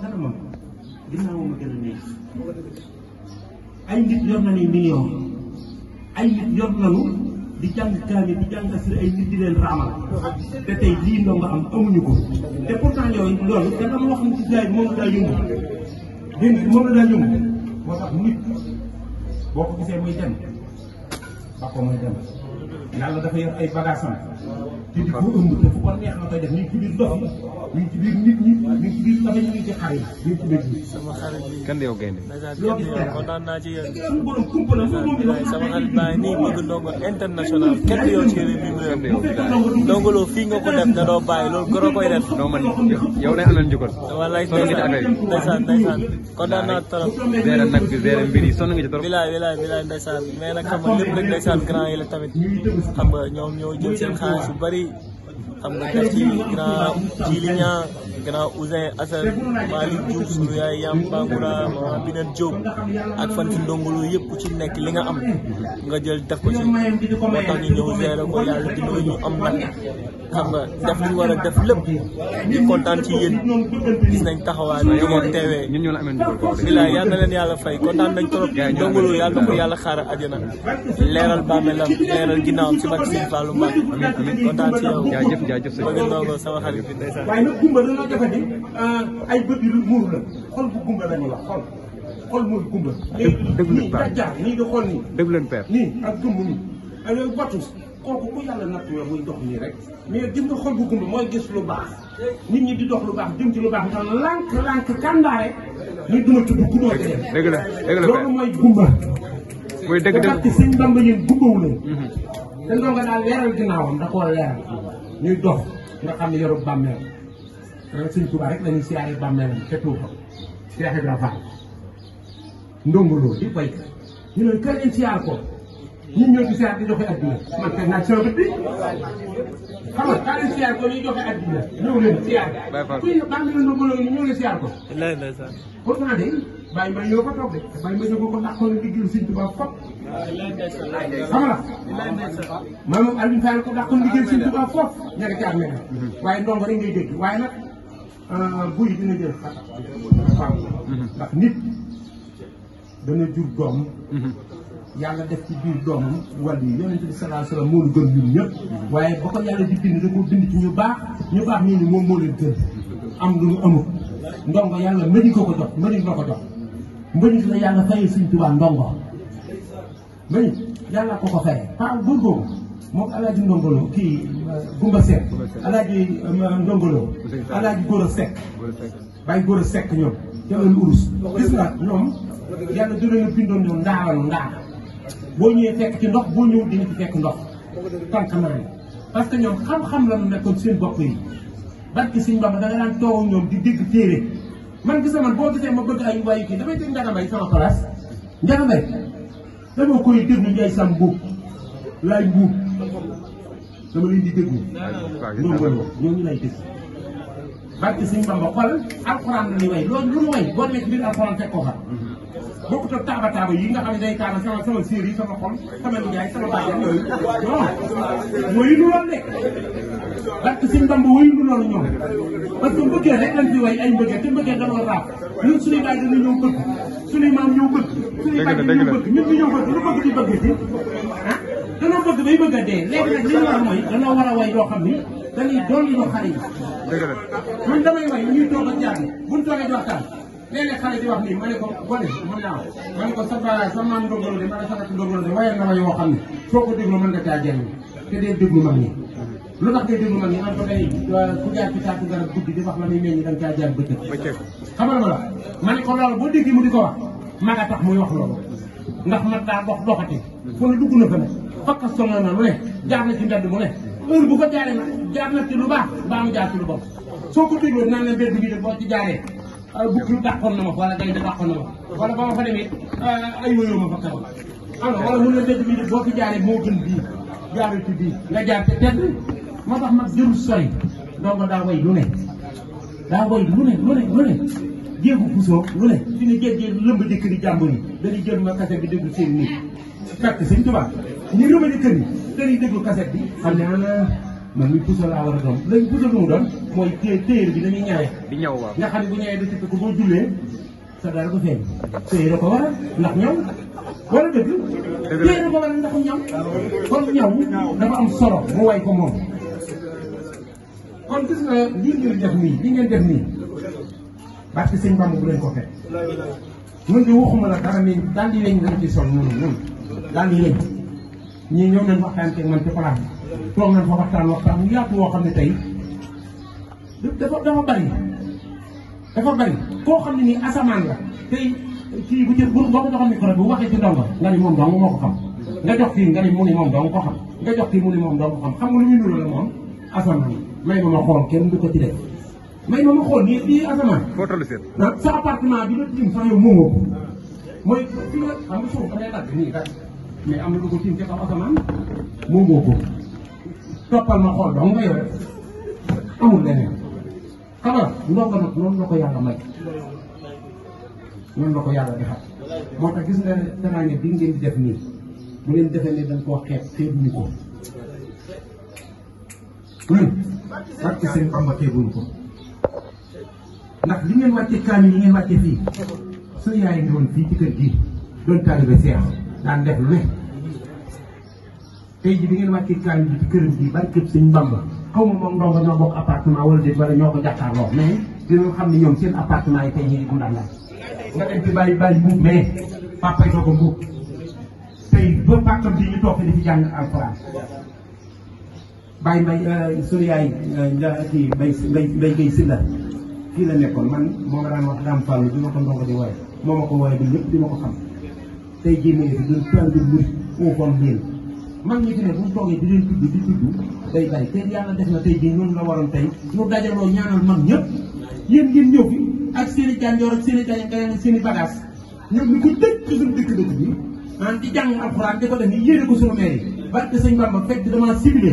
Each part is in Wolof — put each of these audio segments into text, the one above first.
xanaa moom ginnaaw ma gën ay nit yor na ni million ay nit yor nañu di jàng kaani di jàng ay nit di leen raamal te tey lii loo nga am amuñu ko te pourtant yooyu loolu te am loo moom la daa yëngu dégg tax nit boo ko gisee muy dem ba ko muy dem yàlla dafa yor ay bagaasam te di ëmb te fu ko neex na def ñu ci biir dox ñu ngi ci biir nit ñi ñu ngi ci biir nawet ñu ngi ci xar yi ñu ngi ci biir nit sama xarit bi kan yow gaynde loo gis dara kontaan naa ci yéen sama xarit baa nii bëgg ndongo international kenn yow ci réew mi mu réew ndongo loo fii nga ko def da doo bàyyi loolu goro koy def non man yow lay alal njukkal wallaay ndeysaan ndeysaan kontaan naa trop géré nag bi géré mbir yi sonn nga ci trop bilaay bilaay bilaay ndeysaan mais nag xam nga lépp rek ndeysaan grand yi la tamit xam nga ñoom ñoo jël seen xaalis bu bari kamu ngajak di grab dealnya gannaaw Ouzin Assane Malick Diouf sunu yaay Yampakoura Mama Binet Diop ak fan si ndongolo yëpp ku ci nekk li nga am nga jël def ko ci moo tax ñu ñëw gérer ko yàlla dimbali am nag xam nga def li ñu war a def lépp di kontaan ci yéen gis nañ taxawaay bi ñu ngi teewee. ñoo la amee bilaay yal na leen yàlla fay kontaan nañ trop ndongolo yàlla na ko yàlla xaar àjjana leeral bàmmeelam leeral ginnaawam si barke Sëñ Fallou Mbacke kontaan ci yow. jaajëf jaajëf sëñ bi bëgg sama xarit defe ni euh, ay bët yu muur la xol bu gumba la ñu wax xol xol mooy gumba. dëgg nii dajjaar nii di xool nii. dëgg leen père nii ak gumb nii. ak batus kooku ku yàlla nattuwee muy dox nii rek mais jëm nga xol bu gumba mooy gis lu baax nit ñi di dox lu baax jëm ci lu baax ñoom lànk-lànk kàndaare ñu tudd guddoo jëlee. dëgg la dëgg la loolu mooy gumba. mooy dëgg dëgg te sëñ Bamba yéen gumbawu leen. Mm-hmm. te ndongo daal leeral ginnaawam da koo leeral ñuy dox nga xam ne yorub sëñ Tuubaa rek la ñuy siyaare bàmmeelam ca Tuuba Cheikh Ibra Fall ndongoloo di béy ñu ne kër yi siyaar ko ñun ñoo di siyaar di joxe ko ñuy joxe adduna ñëw leen siyaar. kuy bàmmeelu siyaar ko. pourtant de bàyyi ma ñoo ko toog de bàyyi ma ñoo ko ko làqoon liggéeyal sëñ Tuubaa fop xam nga maanaam ko làqoon liggéeyal sëñ Tuubaa fop ña nga ci armée waaye ndongo ngay dégg waaye nag Euh, buy dina jël xar faam ndax nit dana jur doom yàlla def ci biir doomam wàll yi yonent bi salaa salaam moo ñu gën ñun ñëpp waaye ba yàlla di bind da bind ci ñu baax ñu baax ñooñu moom moo leen gën am lu ñu amul ndongo yàlla mëri ko ko jox mëri ko jox mëri la yàlla fayee suñ tubaab ndongo mëri yàlla ko ko fayee pa góor boobu moom alaaji ndongolo kii Gumba Seck alaaji um, um, ndongolo alaaji góor a Seck bàyyi góor a Seck ñoom jaloolu urus gis nga ñoom yàlla da leen a bindoon ñoom ndaaranu ndaar boo ñëwee fekk ci ndox boo ñëw dina ci fekk ndox tànk naa parce que ñoom xam-xam la nekkoon seen bopp yi barki suñ bamba da nga daan toog ñoom di dégg téere man gis na man boo gisee ma bëgg ay waayu kii dafay dégg Ndiaga Mbaye sama place Ndiaga Mbaye dama koy déglu Ndiaye Sam Mbuub laay dama leen di déglu. loolu ñooñu lay déglu. barke Sëñ Bamba xoolal alxuraan la ñuy way loolu lu mu way boo nekk mbir alxuraan fekk ko fa. bokkut ak taaba taaba yi nga xam ne day taaba sama sama séer yi sama xol sama nijaay sama bàjjan yooyu non wayu lu loolu nekk barke Sëñ Bamba wayu lu loolu ñoom parce que mbëggee rek lañ fi way ay mbëggee te mbëggee da doon raaf ñun suñuy baay dina ñëw bëgg suñuy maam ñëw bëgg suñuy baay dina ñëw bëgg ñun ñu ñëw bëgg lu bëgg di bëgg si ah danoo bëgg bay bëgg de dee léegi nag li ñu war mooy danoo war a way loo xam ni dañuy doon loo xale yi. man damay way ñuy toog ak jaar buñ ma ne ko gone mën naa ma ko sa baa sa maam ndogolo de ma ne de wayal ma yoo xam ne foo ko déglu mën nga caa jëriñ te dee déglu mag ñi lu tax ngay déglu mag ñi man ko day ku jaar ci taatu garab guddi di wax la muy meññ da nga caa jaar xamal ma la ma ko loolu boo déggee mu di ko wax maa nga tax muy wax loolu. ndax man daa dox doxati fu ne dugg na fa ne fakka sonal na lu ne jaar na ci mbedd mu ne heure bu ko jaaree na jaar na ci lu baax baa mu jaar ci lu bon soo ko dégloo naan ne mbedd bi na ma wala gaynde dàqoon na ma wala ba ma fa demee ah, ay wóyoo ma fa karam alors wala mun na mbedd bi de boo ci jaaree moo gën bii jaarul ci bii nga jaar ci tedd moo tax nag jëru sori donc daa way lu ne daa way lu ne lu ne lu ne jéegu fusoo lu ne fi ne jéeg jéeg lëmb di kër yi jàmbur yi dañuy jël ma kaset bi déglu seen nii fekk sëñ Tuubaa ñu lëmb di kër yi dañuy déglu bi xam ne ana man mi puso a doon lañ puso lu mu doon bi dañuy ñawe di ñaw waaw nga xam ne bu ñawee da sippi ko boo jullee sa dara ko feeñ téer a ko waral ndax ñaw wala dëgg téer a ko waral ndax ñaw kon ñaw dafa am solo mu way ko moom kon gis nga lii ngeen def nii lii ngeen def nii parce que sëñ Bamba bu leen ko fekk ñun ñu waxuma la dara mais daal di lañ lañ ci sol ñun ñun daal di lañ ñii ñëw nañ waxtaan teg man ci place toog nañ fa waxtaan waxtaan mu yaatu woo xam ne tey dafa dafa bari dafa bari koo xam ne nii asamaan la tey kii bu jël bu boo ko joxoon micro bi waxee ci ndongo nga ni moom dong moo ko xam nga jox kii nga ni mu ni moom dong ko xam nga jox kii mu ni moom dong ko xam xam nga lu muy nuru la moom asamaan may may ma ma xool nii lii asamaan. foo toll seen. ndax sa appartement bi nga tiim sax yow moomoo ko mooy fi nga xam nga suuf dafay lakk nii rek mais am na lu ko tiim ca kaw asamaan moomoo ko toppal ma xool dong nga yore amul leneen. xamal ndongo nag noonu la ko yàlla may noonu la ko yàlla defal moo tax gis nga teraange bi ngeen di def nii bu leen defee ne dañ koo xeeb xeebuñu ko. parce que seen ko. ndax li ngeen wàcce kaamil yi ngeen wàcce fii sa yaay ngi woon fii ci kër gii doon taalibe seex daan def lu ne tey bi ngeen wàcce kaamil bi ci këram gii barkeb sëñ Bamba xaw ma moom ndongo ñoo bokk appartement wala déet wala ñoo ko jàkkaarloo mais dinañ xam ne ñoom seen appartement yi tey jii guddaal la nga dem fi bàyyi bàyyi ñu toog fi di fi jàng alxuraan bàyyi may euh, sunu yaay euh, kii mbay mbay mbay gay si la kii la nekkoon man moo ma daam fàllu bi ma ko di wooye moo ma ko wooye bi ñëpp di ma ko xam tey jii mu ngi fi duñ toll di mbir uufoon biin man ñi fi ne bu mu toogee di leen tudd di tudd day bari te yàlla def na tey jii ñun la waroon tey ñu dajaloo ñaanal man ñëpp yéen ngeen ñëw fi ak seen i ak seen i jànjoor ak seen i bagage ñoom ñu ko tëj suñu dëkk dëkk bi ah di jàng alxuraan di ko def nii yéene ko suñu maire yi barke sëñ Bamba fekk damaa ciblé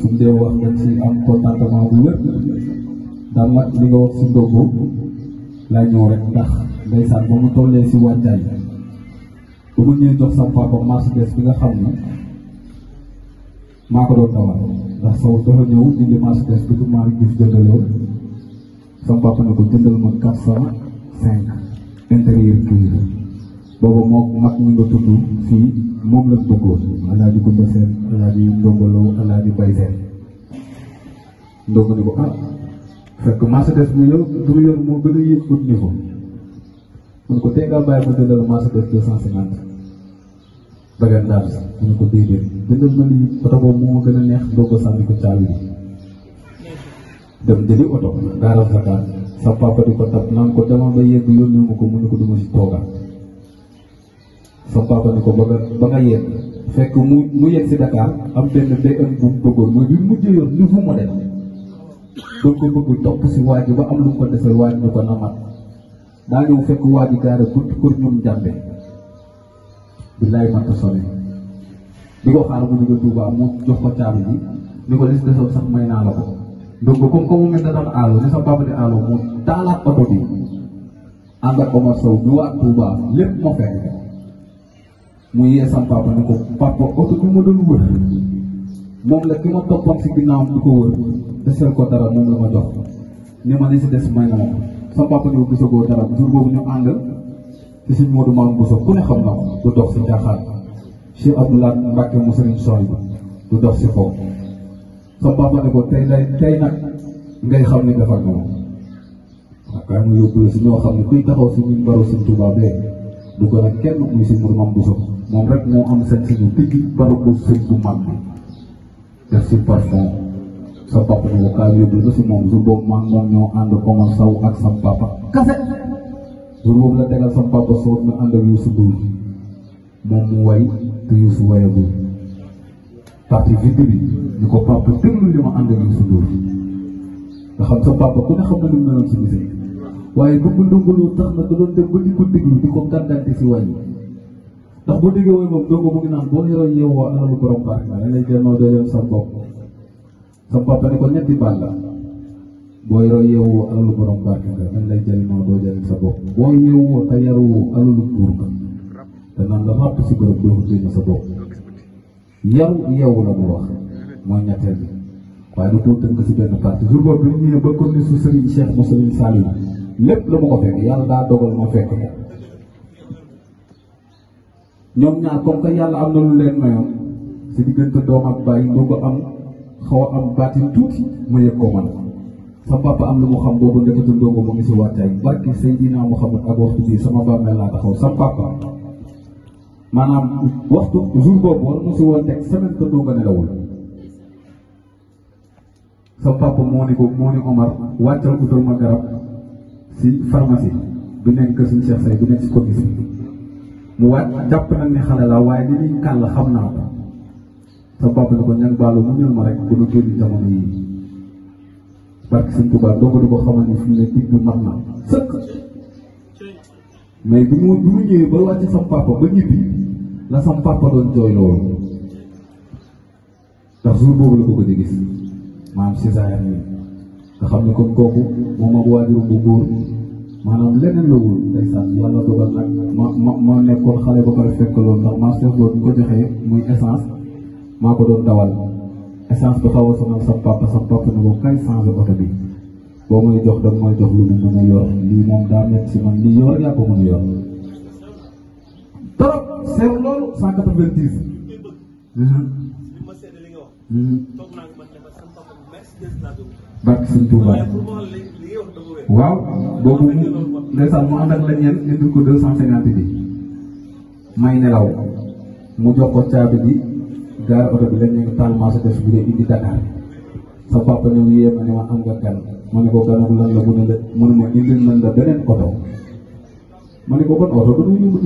suñ dee wax nga ci am contentement bu wér daal nag li nga wax si Ndongo laa ñëw rek ndax ndeysaan ba mu tollee si wàccaay ba mu ñëwee jox sama papa Mercedes bi nga xam ne maa ko doon dawal ndax saw dafa ñëw indi Mercedes bi du gis jëndaloo sama papa ko jëndal ma quatre cent cinq intérieur cuir boobu moo mag ñu nga tudd fii moom lañ bëggoon alaaji Koumba Sène alaaji Ndongolo alaaji Mbaye Sène ndongo ko ah fekk Mercedes bu yow du yor moo gën a yéeg haut niveau mun ko tey nga bàyyi ma jëndal Mercedes 250 bagan daal mu ko déedéet jëndal ma lii oto boobu moo gën a neex ndongo sànni ko caabi dem jëli sa papa di ko ko dama ba ko mu ko sama papa ni ko ba nga ba nga yegg fekk mu mu yegg si Dakar am benn BM bu mu bëggoon mooy bi mujj yor nouveau modèle doon ko bëgg topp si waa ba am lu mu ko defee waa bi ko lis desoon aalo ne sa papa di aalo mu daalaat oto bi ànd Omar Sow ñu waat Tuuba lépp moo fekk mu yeesal papa ne ko papa oto bi ma doon wër moom la ki si ginnaaw di ko wër desel ko dara moom la ma ma si des may na sa papa ne ko gisagoo dara jour boobu ñu ànd ci Modou ku ne xam na du dox si jaaxaar Cheikh Abdoulaye Mbacke mu sëriñ Soy du dox si foofu sa papa ne ko tey ngay xam mu si ñoo xam ne kuy taxaw baru Sëriñ Tuubaa bee du ko nag kenn muy Modou moom rek moo am sa ci diggi barab bu bu mag bi parfum sa papa ne ko kaa yóbbu nga si moom su boobu maa moom ñoo ànd koma saw ak sam papa kase jour boobu la tegal sam papa soo nga ànd ak Youssou Ndour moom mu way te Youssou wayagul parti vidéo bi ni ko papa déglu li ma ànd ak Youssou xam sa papa ku ne xam lu meloon si musique waaye dugg ndugg lu tax na def ba di ko di ko ndax boo déggee wooyu doo ko bëgg naan boo yoroo yeewoo alalu borom barke sa bopp sa papa ne ko ñetti baal nga dañ lay doo jëriñ sa bopp sa bopp yaru yeewu la mu wax mooy ñetteel bi waaye du ko tënk si benn parti jour boobu bi ñu ñëwee ba comme ni su Serigne Cheikh Moussa Saliou lépp la ma ko fekk yàlla daa dogal ma fekk ko. ñoom ñaar comme que yàlla am na lu leen mayoon si diggante doom ak bàyyi ñoo ko am xaw a am baatin tuuti mu yëg ko man sama am lu mu xam boobu nekk ci ndongo mu ngi si wàccaay barke Seydina Mouhamed ak waxtu bii sama bàmmeel laa taxaw sama maanaam waxtu jour boobu war mu si woon teg semaine te ndongo nelawul sama moo ni ko moo ni Omar wàccal utal ma garab si pharmacie bi nekk kër suñu Cheikh bi nekk si commune mu waat jàpp nag ne xale la waaye li muy kàll xam naa ko sa papa ko ñan baalu mu ñëw ma rek ba nu génn jamono yii parce que suñ tubaab doo ko di ko fi ne digg bi mat na sëkk mais bi mu bi mu ñëwee ba wàcc sam ba ñibbi la sam doon jooy loolu ndax jour boobu la ko gëj a gis maam si saa nga xam ne kon kooku moom ak waajurum bu góor maanaam leneen la woon ndeysaan yàlla dogal ma ma ma nekkoon xale ba pare fekk loolu ndax marché boobu ñu ko joxee muy essence maa ko doon dawal essence bi xaw a sa papa sa papa ne ko kay changé oto bi boo may jox danga jox lu mu yor lii moom daa nekk si man lii yor yaa ko a yor trop seer loolu cent Wow, boobu ndeysaan mu ànd ak ñeen ñu ko deux cent cinquante bi may nelaw mu jox ko caabi bi gaar oto bi lañeen taal maa sa def bi dee indi Dakar sa papa ñëw yee ma ne ma am nga gan ma ne ko gan ak lan la mu ne la mu ne ma indi nañ la beneen oto ma ne ko bon oto ba ñu bëgg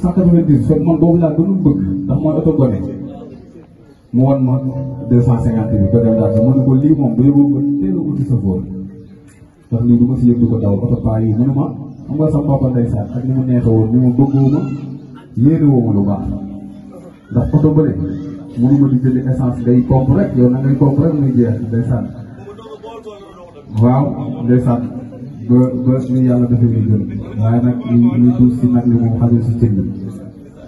cent quatre-vingt-dix fekk man boobu laa gënul bëgg ndax mooy oto gone mu won ma deux cent cinquante bi ba dem daal ma ne ko lii moom bu yóbbu nga teel a sa fóor tool ni lu ma si ko daw oto paa yi mu ne ma xam nga sama papa ak ni mu neexe woon mu bëggoo ma yéene lu baax ndax oto bële mënuma di jënd essence day pomp rek yow na ngay pomp rek muy jeex ndeysaan waaw ndeysaan ba ba ni yàlla dafay ñu jël waaye nag ñu duus si nag li moom xajul si cëñ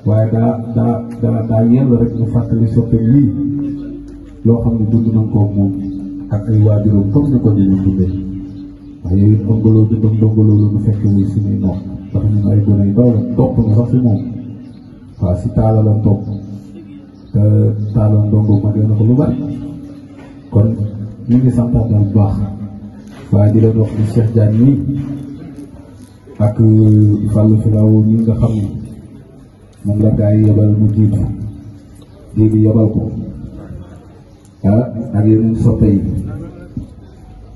waaye daa daa daa daa yell rek ñu fàttali soppe lii loo xam ne dund nañ ko moom ak ay waajuram comme ni ko ñu ñu tuddee waaye yooyu ndongoloo bi doon ndongoloo la bu fekkee wuy suñuy noor ndax ñun ay gone yu ndaw la topp na sax si moom waaw si taala topp te taala ndongo magee na lu bari kon ñu ngi santaat daal bu baax waaye di leen wax ni Cheikh Diagne nii ak euh, Fallou Filawo ñi nga xam ne moom la gaa yi mu jiitu dégg yebal ko ah ak yeneen soppe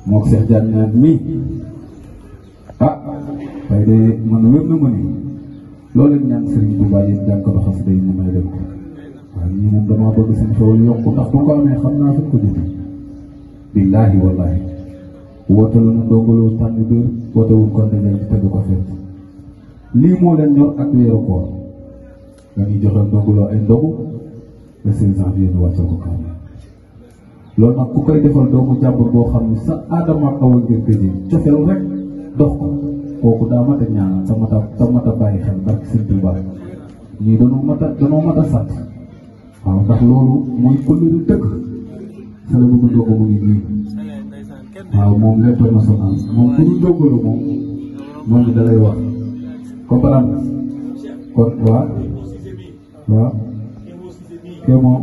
moo ko Cheikh Diagne mii ah xëy de man wér na ma ni loolu lañ ñaan sëriñ bu bàyyi jànkatu xasida yi mu may dem ko waaw ñii moom damaa bëgg seen xewal yokku ndax bu ko amee xam naa fi ko jëlee billaahi wallaahi woote la nu ndongaloo tànn biir woote wuñ ko ndajal tëgg ko fekk lii moo leen ñor ak weeru koor dañuy joxe ndongaloo ay ndogu le 16 janvier ñu wàcce ko kaw loolu nag ku koy defal doomu jàmbur boo xam ne sa aadama kaw a ngir gëjee cofeel rek dox ko kooku daa mat ñaan ñaanal sa mat a sa mat a bàyyi xel barki sëñ Tuubaa ñii danoo mat a danoo mat a sant waaw ndax loolu mooy commune dëkk xale bu ko doog a muy ñii waaw moom l'international moom bu ñu lu mom mom da lay wax comprendre kon waa wa kee moom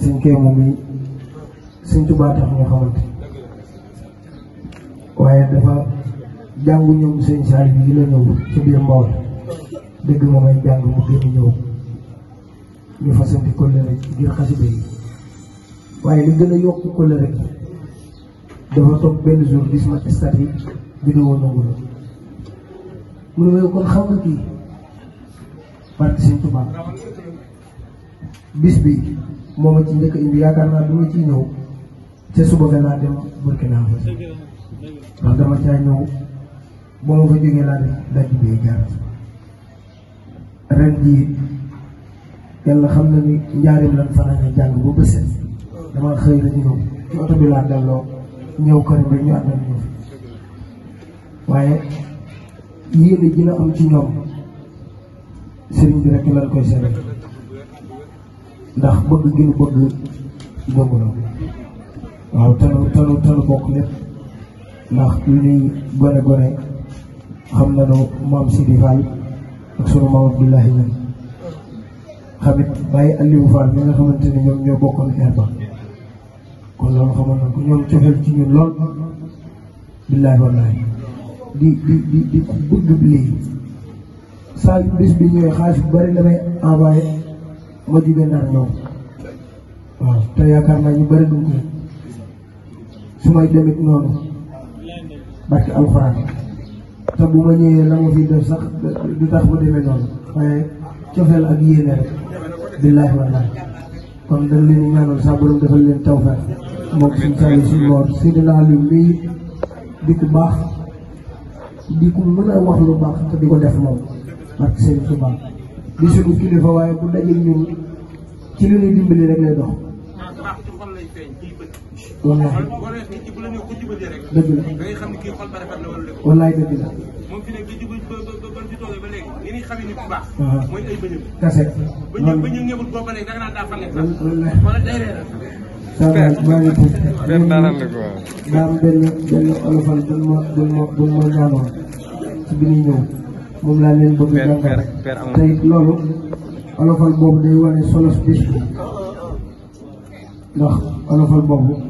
suñ kër moom mi suñ tubaa tax waaye dafa jàngu ñoom sëñ Saalif yi la ñëw ci biir Mbawol dëgg la may jàng mu gën a ñëw ñu fasanti kóllëre ngir xasida yi waaye li gën a yokk kóllëre dafa toog benn jour gis ma stat yi vidéo nangu la mu ne kon kii barke sëñ Tubaa bis bi moo ma ci njëkk indi yaakaar naa du ma ciy ca suba ga laa dem Burkina Faso ndax dama caa ñëw ba ma fa jógee laa def daj bee jaar ren jii yàlla xam na ni ci oto bi laa delloo ñëw këram rek ñu àndal ñëw waaye yéene ji la am ci ñoom sëriñ bi rek lan koy seetal ndax bëgg gi nu bëgg Ndongo waaw te nu te nu bokk lépp ndax lu ñuy gone gone xam na nu maam Sidi Fall ak sunu maam Abdoulahi ñun xamit bàyyi Aliou Fall mi nga xamante ni ñoom ñoo bokkoon xeer kon loolu xamoon na ko ñoom cofeel ci ñun lool billaahi wallaahi di di di bëgg bi léegi bi ñëwee xaalis bu bari damay envoyé wadi bendarno waaw ah, saya karena naa ñu bëri duñ ko demit noonu barki alxuraan te bu ma ñëwee la ma fi def sax du tax mu demee noonu ak rek billahi kon dañ leen ñaanal sa borom defal leen di ku di ku mën wax lu baax te di ko di suñu kilifa waaye bu dajeeg ñun ci li ñuy dimbali rek lay dox. wallaay dëgg la wallaay dëgg la. kase. benn daanaan la quoi. daam benn benn olofal bu ma ma ñaanoon ci bi ñuy ñëw. moom laa leen bëgg jàngal te it loolu olofal boobu day wane solos bis bi ndax olofal boobu